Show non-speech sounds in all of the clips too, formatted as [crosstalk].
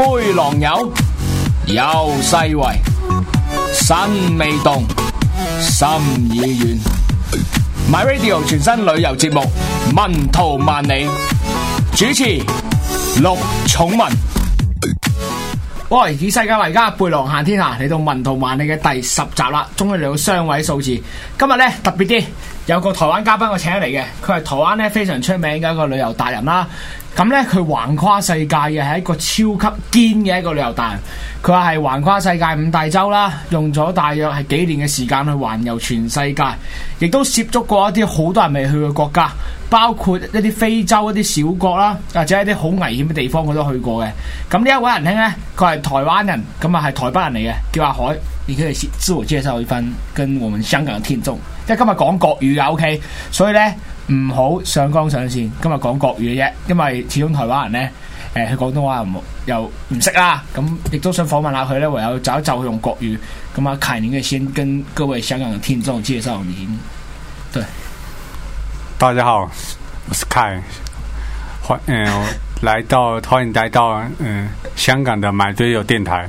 背囊友，有世味，身未動，心已遠。My Radio 全新旅遊節目《文圖萬里》，主持陸寵文。喂，以世界為家，背囊行天下，嚟到《文圖萬里》嘅第十集啦，終於嚟到雙位數字。今日咧特別啲，有一個台灣嘉賓我請嚟嘅，佢係台灣咧非常出名嘅一個旅遊達人啦。咁咧，佢橫跨世界嘅係一個超級堅嘅一個旅遊達人。佢話係橫跨世界五大洲啦，用咗大約係幾年嘅時間去環遊全世界，亦都涉足過一啲好多人未去嘅國家，包括一啲非洲一啲小國啦，或者一啲好危險嘅地方，我都去過嘅。咁呢一位仁兄咧，佢係台灣人，咁啊係台北人嚟嘅，叫阿凱，而且係蘇荷之收去分，跟我們香港嘅聽眾，即係今日講國語嘅，OK，所以咧。唔好上綱上線，今日講國語嘅啫，因為始終台灣人呢，誒、呃，佢廣東話又唔又唔識啦，咁、嗯、亦都想訪問下佢呢，唯有就用國語。咁啊，凱，你可以先跟各位香港嘅聽眾介紹你。對，大家好，我是凱，歡、嗯、誒，我來到 [laughs] 歡迎來到、嗯、香港的買醉友電台。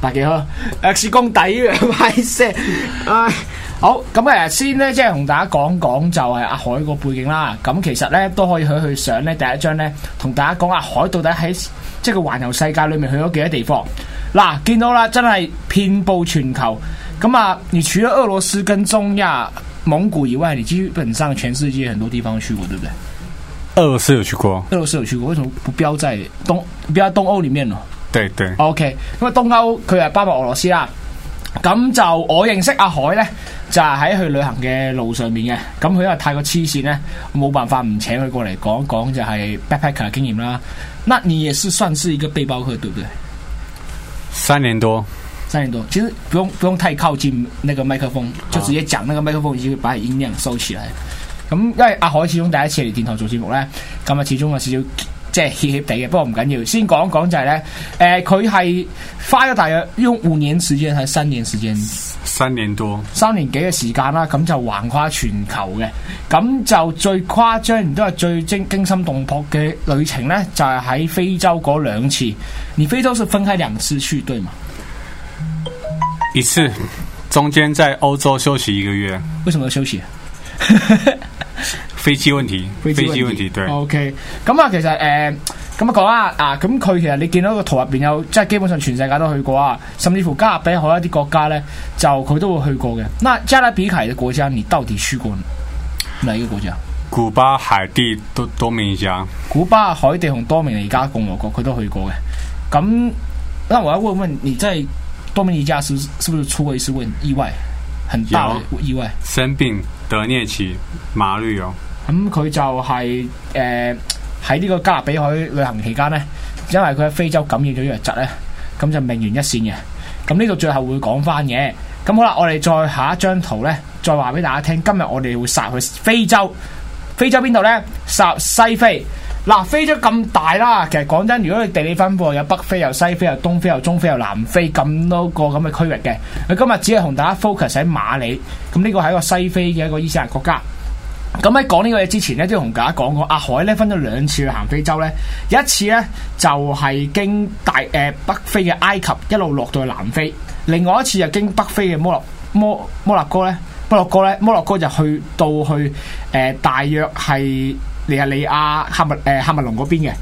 百幾咯，誒是公底嘅，拜 [noise] 神樂。唉， [laughs] 啊、好，咁誒先咧，即係同大家講講就係阿海個背景啦。咁其實咧都可以去去上咧第一張咧，同大家講阿海到底喺即係個環遊世界裏面去咗幾多地方。嗱，見到啦，真係遍佈全球。咁啊，你除咗俄羅斯跟中亞蒙古以外，你基本上全世界很多地方都去過，對唔對？俄羅斯有去過，俄羅斯有去過，為什麼不標在東標東歐裡面呢？對對，OK。咁啊，東歐佢係包括俄羅斯啦。咁就我認識阿海咧，就係喺去旅行嘅路上面嘅。咁佢因為太過黐線咧，冇辦法唔請佢過嚟講講就係 backpacker 經驗啦。那你也是算是一個背包客，對不對？三年多，三年多。其實不用，不用太靠近那個麥克風，就直接講，那個麥克風已經、啊、把音量收起來。咁因為，阿海始終第一次嚟電台做節目咧，咁啊，始終有少少。即係怯怯地嘅，不過唔緊要。先講一講就係、是、咧，誒、呃，佢係花咗大約用五年時間，係三年時間，三年多，三年幾嘅時間啦。咁就橫跨全球嘅，咁就最誇張，亦都係最驚驚心動魄嘅旅程咧，就係、是、喺非洲嗰兩次。而非洲是分開兩次去，對嗎？一次，中間在歐洲休息一個月。為什麼要休息？ [laughs] 飛機問題，飛機問題，問題對 O K。咁啊、okay, 嗯，其實誒，咁啊講啦啊。咁、啊、佢其實你見到個圖入邊有，即、就、係、是、基本上全世界都去過啊。甚至乎加勒比海一啲國家咧，就佢都會去過嘅。那加勒比海嘅國家，你到底去過哪一個國家？古巴、海地多、多多明尼加、古巴、海地同多明尼加共和國，佢都去過嘅。咁，那我要問一問，你即係多明尼加是不是，是不是出過一次問意外，很大的意外？生病得瘧疾，麻綠哦。咁佢就係誒喺呢個加勒比海旅行期間呢，因為佢喺非洲感染咗瘧疾呢，咁就命懸一線嘅。咁呢度最後會講翻嘅。咁好啦，我哋再下一張圖呢，再話俾大家聽。今日我哋會殺去非洲，非洲邊度呢？殺西非。嗱，非洲咁大啦，其實講真，如果你地理分佈有北非、有西非、有東非、有中非、有南非咁多個咁嘅區域嘅，佢今日只係同大家 focus 喺馬里。咁呢個係一個西非嘅一個伊斯蘭國家。咁喺講呢個嘢之前咧，都同大家講過阿海咧，分咗兩次去行非洲咧，一次咧就係、是、經大誒、呃、北非嘅埃及一路落到去南非，另外一次就經北非嘅摩洛摩摩洛哥咧，摩洛哥咧，摩洛哥就去到去誒、呃、大約係尼亞利亞喀麥、誒、呃、喀麥隆嗰邊嘅。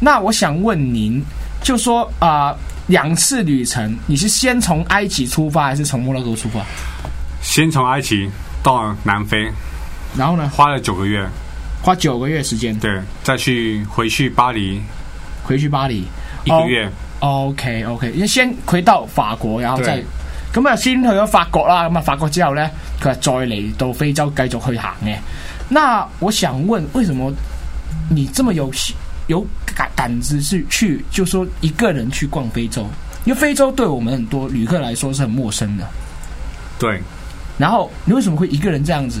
那我想問您，就說啊，兩、呃、次旅程，你是先從埃及出發，還是從摩洛哥出發？先從埃及到南非。然後呢？花了九個月，花九個月時間。對，再去回去巴黎，回去巴黎一個月。Oh, OK OK，先回到法國，然後再，咁啊對，先去咗法國啦。咁啊，法國之後呢，佢係再嚟到非洲繼續去行嘅。那我想問，為什麼你這麼有有感膽子，是去就是，說一個人去逛非洲？因為非洲對我們很多旅客來說是很陌生的。對。然後你為什麼會一個人這樣子？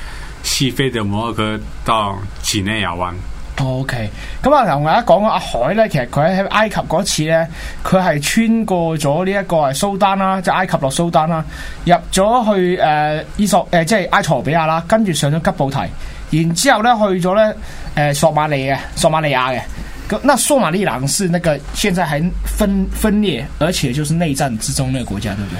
西非就冇好佢當幾內亞灣 O K，咁啊，同大、okay. 家講阿海咧，其實佢喺埃及嗰次咧，佢係穿過咗呢一個係蘇丹啦，即、就、係、是、埃及落蘇丹啦，入咗去誒、呃，伊索誒，即、呃、係、就是、埃塞俄比亞啦，跟住上咗吉布提，然之後咧去咗咧誒，索馬里嘅，索馬里亞嘅。咁，那索馬里蘭是那個現在喺分分裂，而且就是內戰之中，呢個國家，對不對？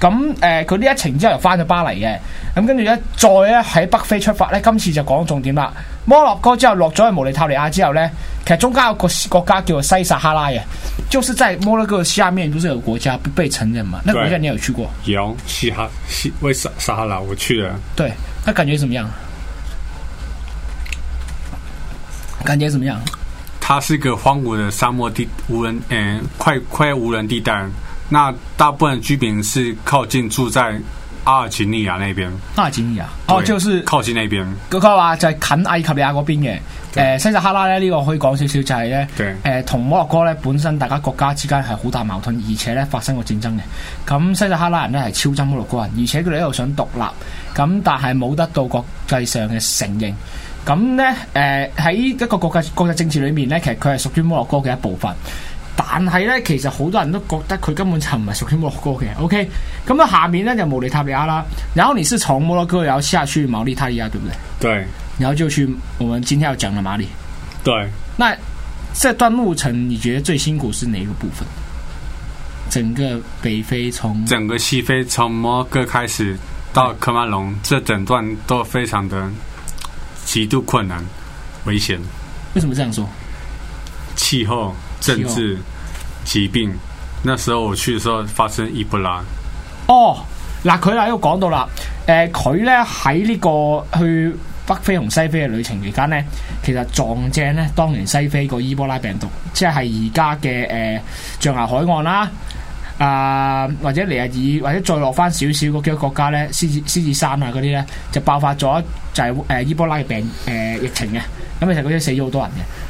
咁誒，佢呢、嗯呃、一程之後又翻咗巴黎嘅，咁、嗯、跟住咧，再咧喺北非出發咧，今次就講重點啦。摩洛哥之後落咗去毛里塔尼亞之後咧，其實中間有個國家叫做西撒哈拉嘅，就是在摩洛哥下面，都是個國家不被承認嘛。對那國家你有去過？有西哈西威沙，沙哈拉，我去了。對，佢感覺點樣？感覺點樣？它是一個荒蕪的沙漠地，無人，嗯，快快無人地帶。那大部分居民是靠近住在阿爾及利亞那邊。阿爾及利亞哦，就是靠近那邊。嗰個就係近埃及利亞嗰邊嘅。誒對、呃，西撒哈拉咧呢、這個可以講少少、就是，就係咧，誒、呃，同摩洛哥咧本身大家國家之間係好大矛盾，而且咧發生過戰爭嘅。咁西撒哈拉人咧係超憎摩洛哥人，而且佢哋一路想獨立，咁但係冇得到國際上嘅承認。咁咧，誒、呃、喺一個國際國際政治裏面咧，其實佢係屬於摩洛哥嘅一部分。但係咧，其實好多人都覺得佢根本就唔係屬於摩洛哥嘅。OK，咁啊，下面呢就毛利塔比亞啦，然後你是從摩洛哥，OK?，然後下去毛利塔利亞，對不對？對，然後就去我們今天要講的馬里。對，那這段路程你覺得最辛苦是哪一個部分？整個北非從整個西非從摩洛哥開始到喀麥隆，對這整段都非常的極度困難危險。為什麼這樣說？氣候。政治疾病，哦、那時候我去嘅時候發生伊波拉。哦，嗱佢喺度講到啦，誒佢咧喺呢、這個去北非同西非嘅旅程期間咧，其實撞正咧當年西非個伊波拉病毒，即係而家嘅誒象牙海岸啦、啊，啊、呃、或者尼日爾，或者再落翻少少嗰幾個國家咧，獅子獅子山啊嗰啲咧就爆發咗就係誒伊波拉嘅病誒、呃、疫情嘅，咁其實嗰啲死咗好多人嘅。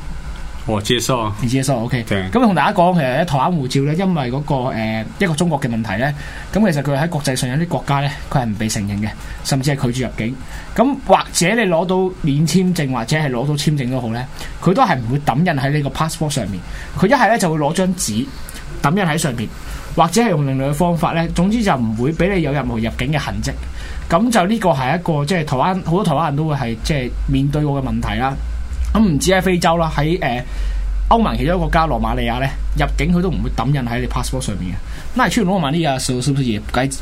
我接收，你接收，OK。咁同對大家講，其實喺台灣護照咧，因為嗰、那個誒、呃、一個中國嘅問題咧，咁其實佢喺國際上有啲國家咧，佢係唔被承認嘅，甚至係拒絕入境。咁或者你攞到免簽證，或者係攞到簽證好呢都好咧，佢都係唔會抌印喺呢個 passport 上面。佢一係咧就會攞張紙抌印喺上面，或者係用另外嘅方法咧，總之就唔會俾你有任何入境嘅痕迹。咁就呢個係一個即係、就是、台灣好多台灣人都會係即係面對過嘅問題啦。咁唔止喺非洲啦，喺、呃、歐盟其中一個國家羅馬利亞咧，入境佢都唔會抌印喺你 passport 上面嘅。那你去羅馬利亞嘅時候，是不是也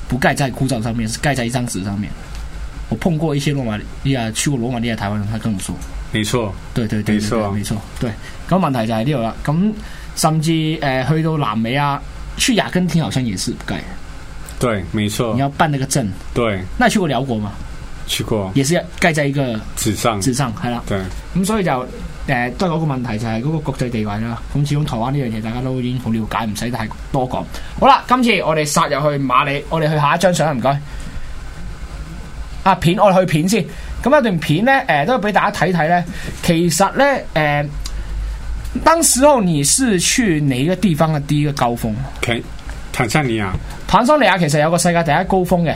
不蓋在護照上面，是蓋在一張紙上面。我碰過一些羅馬利亞，去過羅馬利亞台灣，佢跟我講：冇錯，對對對，冇錯冇錯。對，咁問題就喺呢度啦。咁甚至誒、呃、去到南美啊，去阿根廷好像也是不蓋。對，冇錯。你要辦那個證。對。那你去過寮國嗎？去過，亦是計制嘅。自生自生係啦，咁對、嗯、所以就誒、呃、都係嗰個問題就係、是、嗰個國際地位啦。咁始終台灣呢樣嘢，大家都已經好了解，唔使太多講。好啦，今次我哋殺入去馬里，我哋去下一張相，唔該。啊片，我哋去片先。咁一段片咧，誒、呃、都要俾大家睇睇咧。其實咧，誒、呃，當時候你是去哪一個地方嘅第一個高峰？Okay, 坦桑尼亞，坦桑尼亞其實有個世界第一高峰嘅。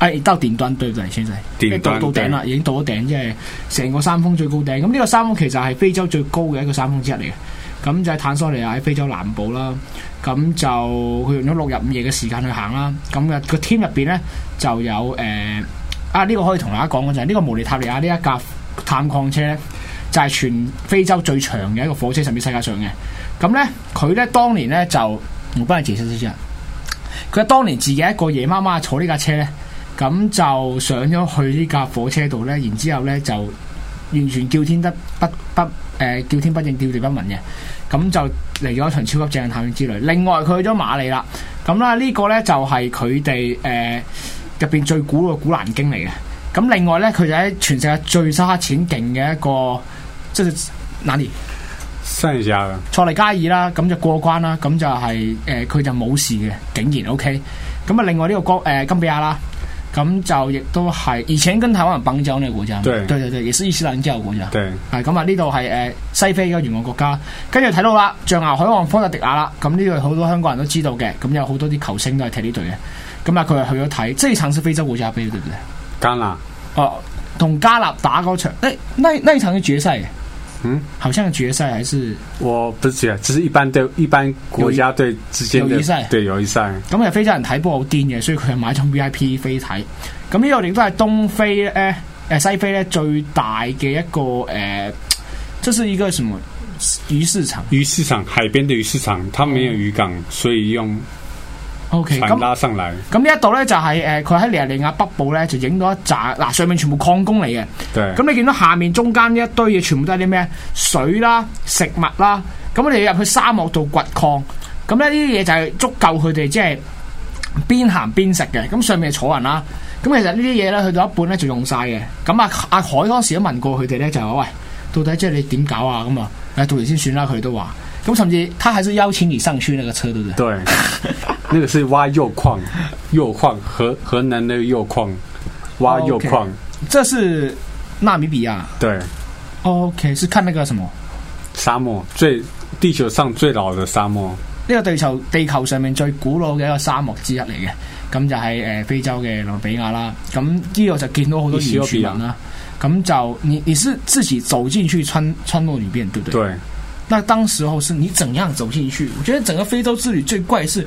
誒，兜電燈對住嚟先，細，到對對對端到頂啦，對已經到咗頂，即係成個山峰最高頂。咁呢個山峰其實係非洲最高嘅一個山峰之一嚟嘅。咁就喺坦桑尼亞，喺非洲南部啦。咁就佢用咗六日五夜嘅時間去行啦。咁、那、啊個 team 入邊咧就有誒、呃、啊呢、這個可以同大家講嘅就係、是、呢個毛里塔尼亞呢一架探礦車咧，就係、是、全非洲最長嘅一個火車，甚至世界上嘅。咁咧佢咧當年咧就，我幫你解釋先啊。佢當年自己一個夜媽媽坐呢架車咧。咁就上咗去呢架火車度呢，然之後呢就完全叫天得不不、呃、叫天不應，叫地不聞嘅。咁就嚟咗一場超級正嘅探險之旅。另外佢去咗馬里啦，咁啦呢個呢，就係佢哋入面最古老嘅古蘭經嚟嘅。咁另外呢，佢就喺全世界最揸錢勁嘅一個即係、就是、哪年？新塞內加爾啦，咁就過關啦，咁就係、是、佢、呃、就冇事嘅，竟然 O K。咁啊，另外呢、呢個呃、金比亞啦。咁就亦都係，以前跟台灣人邦交呢個國家，對，對對對，亦是伊斯蘭教對、呃、國家，係咁啊！呢度係誒西非嘅原國國家，跟住睇到啦，象牙海岸科特迪瓦啦，咁呢度好多香港人都知道嘅，咁有好多啲球星都係踢呢隊嘅，咁啊佢又去咗睇，即係產生非洲國家杯，對唔對？加納拿哦，同加納打嗰場，呢、欸、那那，那場嘅決嗯，好像決賽還是，我不是決賽，只是一般隊，一般國家隊之間友誼賽，有有對友誼賽。咁我、嗯、非洲人睇波好癲嘅，所以佢買種 VIP 飛睇。咁、呃、呢個亦都係東非咧，誒西非咧最大嘅一個誒、呃，這是一個什麼魚市場？魚市場，市場海邊的魚市場，它沒有漁港，嗯、所以用。O K，咁咁呢一度咧就係、是、誒，佢、呃、喺尼日利亞北部咧就影到一扎，嗱上面全部礦工嚟嘅。咁對 你見到下面中間呢一堆嘢，全部都係啲咩水啦、食物啦。咁你入去沙漠度掘礦，咁咧呢啲嘢就係足夠佢哋即係邊行邊食嘅。咁、就是、上面坐人啦。咁其實呢啲嘢咧去到一半咧就用晒嘅。咁啊阿凱當時都問過佢哋咧，就係喂到底即係你點搞啊？咁啊，到時先算啦，佢都話咁甚至他還是邀請而生村。」呢個車，對對。 [laughs] 那個是挖鈾礦，鈾礦，河河南的鈾礦，挖鈾礦。Okay, 這是納米比亞。對。O、okay, K 是看那個什麼？沙漠最地球上最老的沙漠。那個地球地球上面最古老的一個沙漠之一嚟嘅，咁就喺、是、誒、呃、非洲嘅納米比亞啦。咁之後就見到好多原始人啦。咁、啊、就你你是自己走進去村村落裏邊，對不對？對。那當時候是你怎樣走進去？我覺得整個非洲之旅最怪是。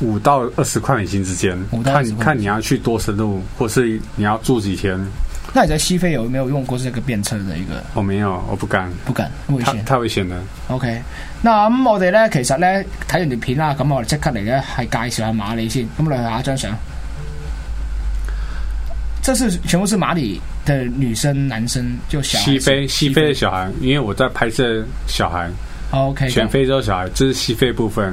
五到二十塊美金之間，看看你要去多深入，或是你要住幾天。那你在西非有沒有用過這個便車的一個？我沒有，我不敢，不敢，危險太，太危險了。OK，那咁、嗯、我哋咧，其實咧睇完條片啦，咁我哋即刻嚟咧係介紹下馬里先。咁我哋啊，張生，這是全部是馬里的女生、男生就小孩西非西非，西非的小孩，因為我在拍攝小孩。Oh, OK，全非洲小孩，這 go. 是西非部分。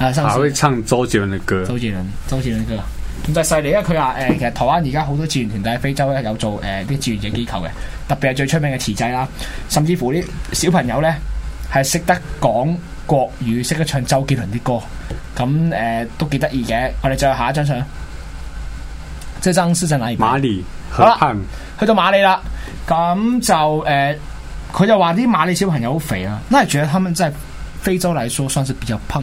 啊！還會唱周杰倫嘅歌。周杰倫，周杰倫嘅歌，咁就犀利。因為佢話誒，其實台灣而家好多志願團喺非洲咧，有做誒啲志願者機構嘅，特別係最出名嘅慈濟啦，甚至乎啲小朋友咧係識得講國語，識得唱周杰倫啲歌，咁誒、呃、都幾得意嘅。我哋再下一張相，即係曾斯鎮，馬里和好啦，去到馬里啦，咁就誒，佢、呃、就話啲馬里小朋友好肥啊，那你覺得他們在非洲來說算是比較胖？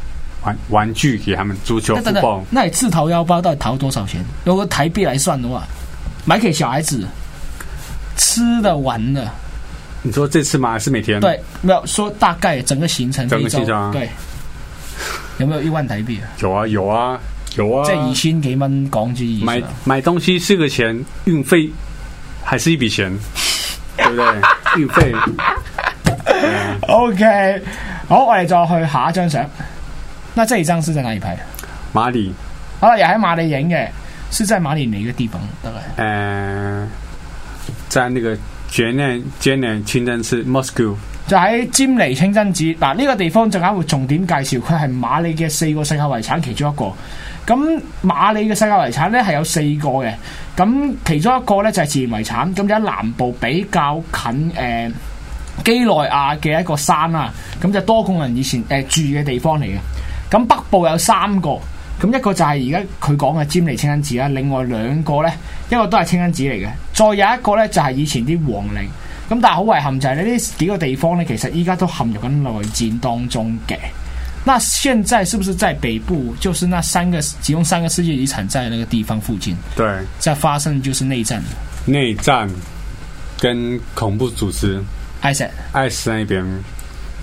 玩玩具給他們足球，f o 那你自掏腰包到底掏多少錢？如果台幣來算的話，買給小孩子吃的、玩的。你說這次嗎？還是每天？對，沒有說大概整個行程。整個行程、啊、對，有沒有一萬台幣啊？ [laughs] 有啊，有啊，有啊。即係二給幾們講紙而已。買買東西是個錢，運費還是一筆錢，對不對？運費。O K，好，我哋再去下一張相。那這一張是在哪裡拍？馬里，啊，又喺馬里影嘅，是在馬里尼嘅地方？得概誒，在呢個尖尼尖尼清真寺 Mosque 就喺尖尼清真寺。嗱、啊，呢、這個地方陣間會重點介紹，佢係馬里嘅四個世界遺產其中一個。咁馬里嘅世界遺產咧係有四個嘅，咁其中一個咧就係、是、自然遺產。咁就喺南部比較近誒，幾內亞嘅一個山啦、啊，咁就多貢人以前誒、呃、住嘅地方嚟嘅。咁北部有三個，咁一個就係而家佢講嘅尖利清真寺啦，另外兩個咧，一個都係清真寺嚟嘅，再有一個咧就係、是、以前啲皇陵。咁但係好遺憾就係呢啲幾個地方咧，其實依家都陷入緊內戰當中嘅。那現在是不是真係北部就是那三個其中三個世界遺產在那個地方附近？對，在發生就是內戰。內戰跟恐怖組織，埃塞埃塞呢邊？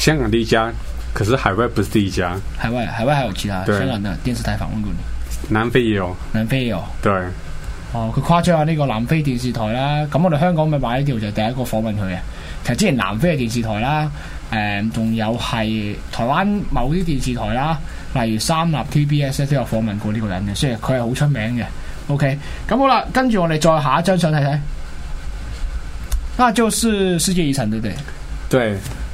香港的一家，可是海外不是第一家。海外，海外還有其他香港對的電視台訪問過你。那個、南非也有。南非也有。對。哦，佢誇張下呢個南非電視台啦，咁我哋香港咪買呢條就第一個訪問佢嘅。其實之前南非嘅電視台啦，誒、嗯，仲有係台灣某啲電視台啦，例如三立 TBS 都有訪問過呢個人嘅，所以佢係好出名嘅。OK，咁好啦，跟住我哋再下一張相睇睇。那就是世界遺產，對不對？對。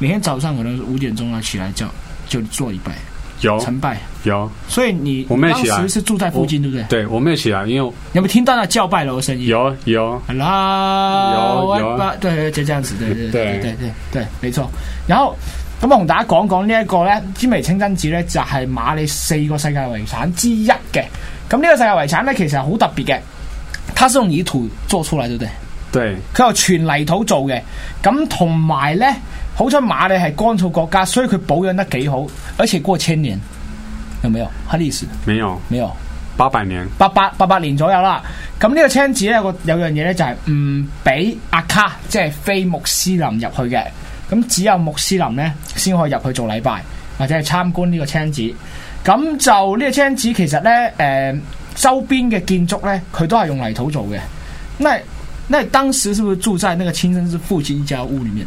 每天早上可能五點鐘要、啊、起來就做一拜，有晨拜有，拜有，所以你當時是住在附近，我對不對？對我沒有起來，因為你有冇有聽到那叫拜樓聲音？有有，好啦 Hello,，有有，對，就這樣子，對對對對，對對對，對對對對沒錯。然後咁我同大家講講呢一個咧，知味清真寺咧就係、是、馬里四個世界遺產之一嘅。咁呢個世界遺產咧其實係好特別嘅，它是用泥土做出嚟，對不對？對，佢係對全泥土做嘅，咁同埋咧。好彩馬里，係乾燥國家，所以佢保養得幾好，而且過千年，有冇？嚇歷史？沒有，沒有，八百年，八八八八年左右啦。咁呢個清真寺咧，有一個有樣嘢咧，就係唔俾阿卡，即、就、係、是、非穆斯林入去嘅，咁只有穆斯林咧先可以入去做禮拜或者係參觀呢個清真寺。咁就呢個清真寺，其實咧，誒、呃，周邊嘅建築咧，佢都係用泥土做嘅。那那當時是不是住在那個清真寺附近一家屋裡面？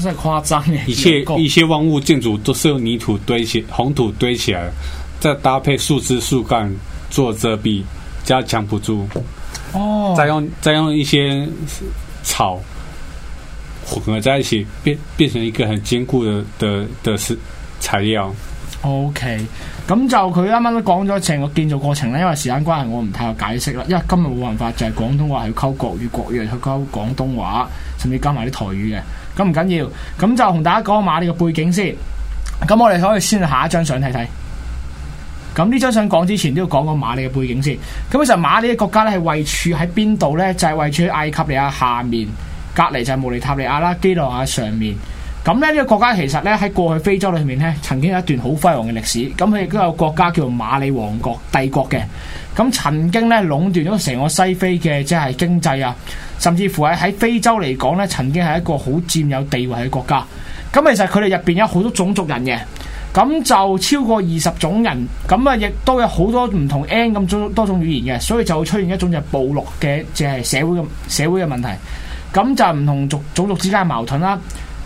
真係誇張嘅。一切一些萬物建築都是用泥土堆起，紅土堆起來，再搭配樹枝樹幹做遮蔽，加強輔助。哦，再用再用一些草混合在一起，變變成一個很堅固的的的是材料。OK，咁就佢啱啱都講咗成個建造過程咧，因為時間關係，我唔太有解釋啦。因為今日冇辦法，就係、是、廣東話去溝國語，國語去溝廣東話，甚至加埋啲台語嘅。咁唔緊要，咁就同大家講下馬里嘅背景先。咁我哋可以先下一張相睇睇。咁呢張相講之前都要講講馬里嘅背景先。咁其實馬里嘅國家咧係位處喺邊度呢？就係、是、位處喺埃及利亞下面，隔離就係穆尼塔利亞啦、基羅亞上面。咁咧呢個國家其實咧喺過去非洲裏面咧曾經有一段好輝煌嘅歷史。咁佢亦都有國家叫做馬里王國帝國嘅。咁曾經咧壟斷咗成個西非嘅即係經濟啊！甚至乎喺非洲嚟講咧，曾經係一個好佔有地位嘅國家。咁其實佢哋入邊有好多種族人嘅，咁就超過二十種人，咁啊亦都有好多唔同 N 咁多種語言嘅，所以就會出現一種就係部落嘅即係社會咁社會嘅問題。咁就唔同族種族之間嘅矛盾啦。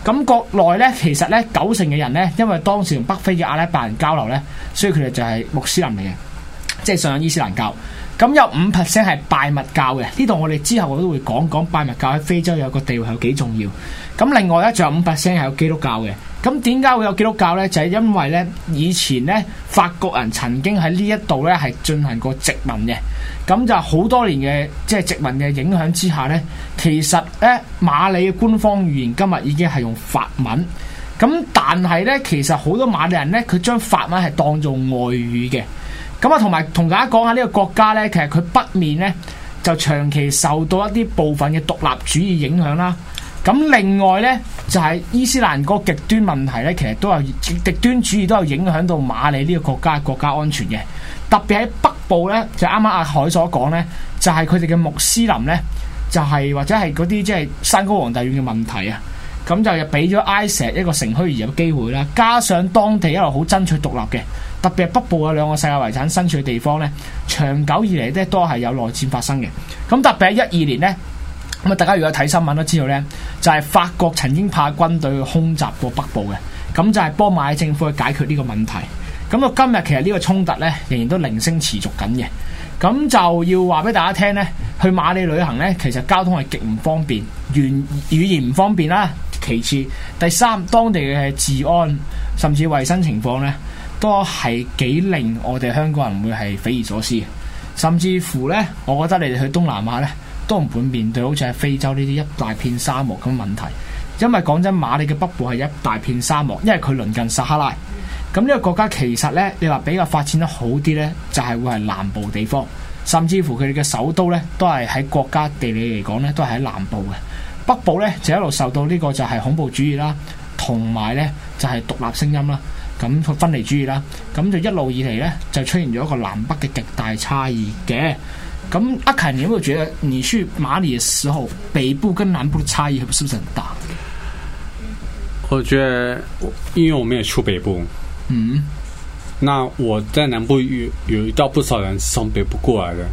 咁國內咧其實咧九成嘅人咧，因為當時同北非嘅阿拉伯人交流咧，所以佢哋就係穆斯林嚟嘅，即係信仰伊斯蘭教。咁有五 percent 係拜物教嘅，呢度我哋之後我都會講講拜物教喺非洲有個地位有幾重要。咁另外咧，仲有五 percent 係有基督教嘅。咁點解會有基督教呢？就係因為呢，以前呢，法國人曾經喺呢一度呢係進行過殖民嘅。咁就好多年嘅即係殖民嘅影響之下呢，其實呢馬里嘅官方語言今日已經係用法文。咁但係呢，其實好多馬里人呢，佢將法文係當做外語嘅。咁啊，同埋同大家講下呢個國家呢其實佢北面呢就長期受到一啲部分嘅獨立主義影響啦。咁另外呢，就係伊斯蘭嗰個極端問題呢，其實都有極端主義都有影響到馬里呢個國家嘅國家安全嘅。特別喺北部呢，就啱啱阿凱所講呢，就係佢哋嘅穆斯林呢、就係，就係或者係嗰啲即係山高皇帝遠嘅問題啊。咁就又俾咗 ISIS 一個乘虛而入嘅機會啦。加上當地一路好爭取獨立嘅。特別係北部嘅兩個世界遺產身處嘅地方呢，長久以嚟咧都係有內戰發生嘅。咁特別喺一二年呢，咁啊大家如果睇新聞都知道呢，就係、是、法國曾經派軍隊去空襲過北部嘅，咁就係幫馬里政府去解決呢個問題。咁到今日其實呢個衝突呢，仍然都零星持續緊嘅。咁就要話俾大家聽呢，去馬里旅行呢，其實交通係極唔方便，語語言唔方便啦。其次，第三，當地嘅治安甚至衞生情況呢。都係幾令我哋香港人會係匪夷所思。甚至乎呢，我覺得你哋去東南亞呢，都唔會面對好似喺非洲呢啲一大片沙漠咁問題。因為講真，馬里嘅北部係一大片沙漠，因為佢鄰近撒哈拉。咁呢個國家其實呢，你話比較發展得好啲呢，就係會係南部地方，甚至乎佢哋嘅首都呢，都係喺國家地理嚟講呢，都係喺南部嘅。北部呢，就一路受到呢個就係恐怖主義啦，同埋呢就係獨立聲音啦。咁佢分離主義啦，咁就一路以嚟呢，就出現咗一個南北嘅極大差異嘅。咁阿凱，你有冇覺得你去馬里嘅時候，北部跟南部嘅差異係不是唔係很大？我覺得我因為我沒有出北部。嗯。那我在南部遇有遇到不少人是從北部過來的，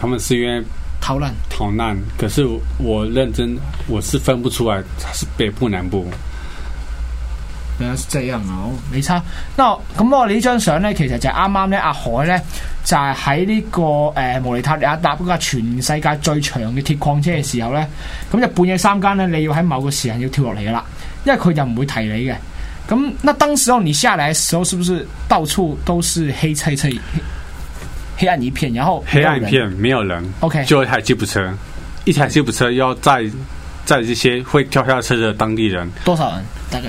他們是因為逃難逃難。可是我認真，我是分不出來係北部南部。即人好，你、哦、差。嗱，咁我你呢張相咧，其實就係啱啱咧，阿海咧就係喺呢個誒、呃、毛里塔尼亞搭嗰架全世界最長嘅鐵礦車嘅時候咧，咁就半夜三更咧，你要喺某個時間要跳落嚟噶啦，因為佢就唔會提你嘅。咁那，那當時你下嚟嘅時候，是不是到處都是黑黑黑黑、黑、黑、黑暗一片，然後黑暗一片，沒有人。OK，就一台吉普車，一台吉普車要載載一些會跳下車嘅當地人。多少人？大概？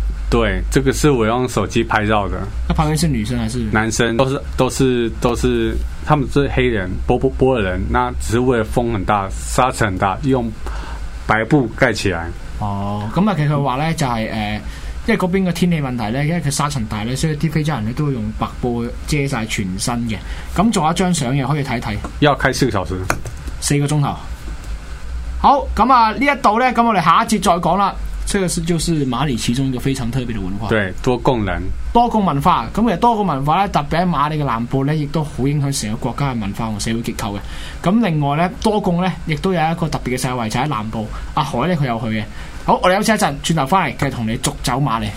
對，這個是我用手機拍照的。那旁邊是女生還是男生？都是，都是，都是，他們是黑人，波波波爾人。那只是為了風很大，沙塵很大，用白布蓋起來。哦，咁、嗯、啊，其實話咧就係、是、誒、呃，因為嗰邊嘅天氣問題咧，因為佢沙塵大咧，所以啲非洲人咧都會用白布遮晒全身嘅。咁仲有一張相嘅可以睇睇。要開四個小時。四個鐘頭。好，咁啊呢一度咧，咁我哋下一節再講啦。這個是就是馬里其中一個非常特別的文化，對，多貢人、多貢文化，咁其實多貢文化咧，特別喺馬里嘅南部咧，亦都好影響成個國家嘅文化和社會結構嘅。咁另外咧，多貢咧亦都有一個特別嘅社會，就喺、是、南部。阿海咧佢有去嘅。好，我哋休息一陣，轉頭翻嚟繼續同你續走馬里。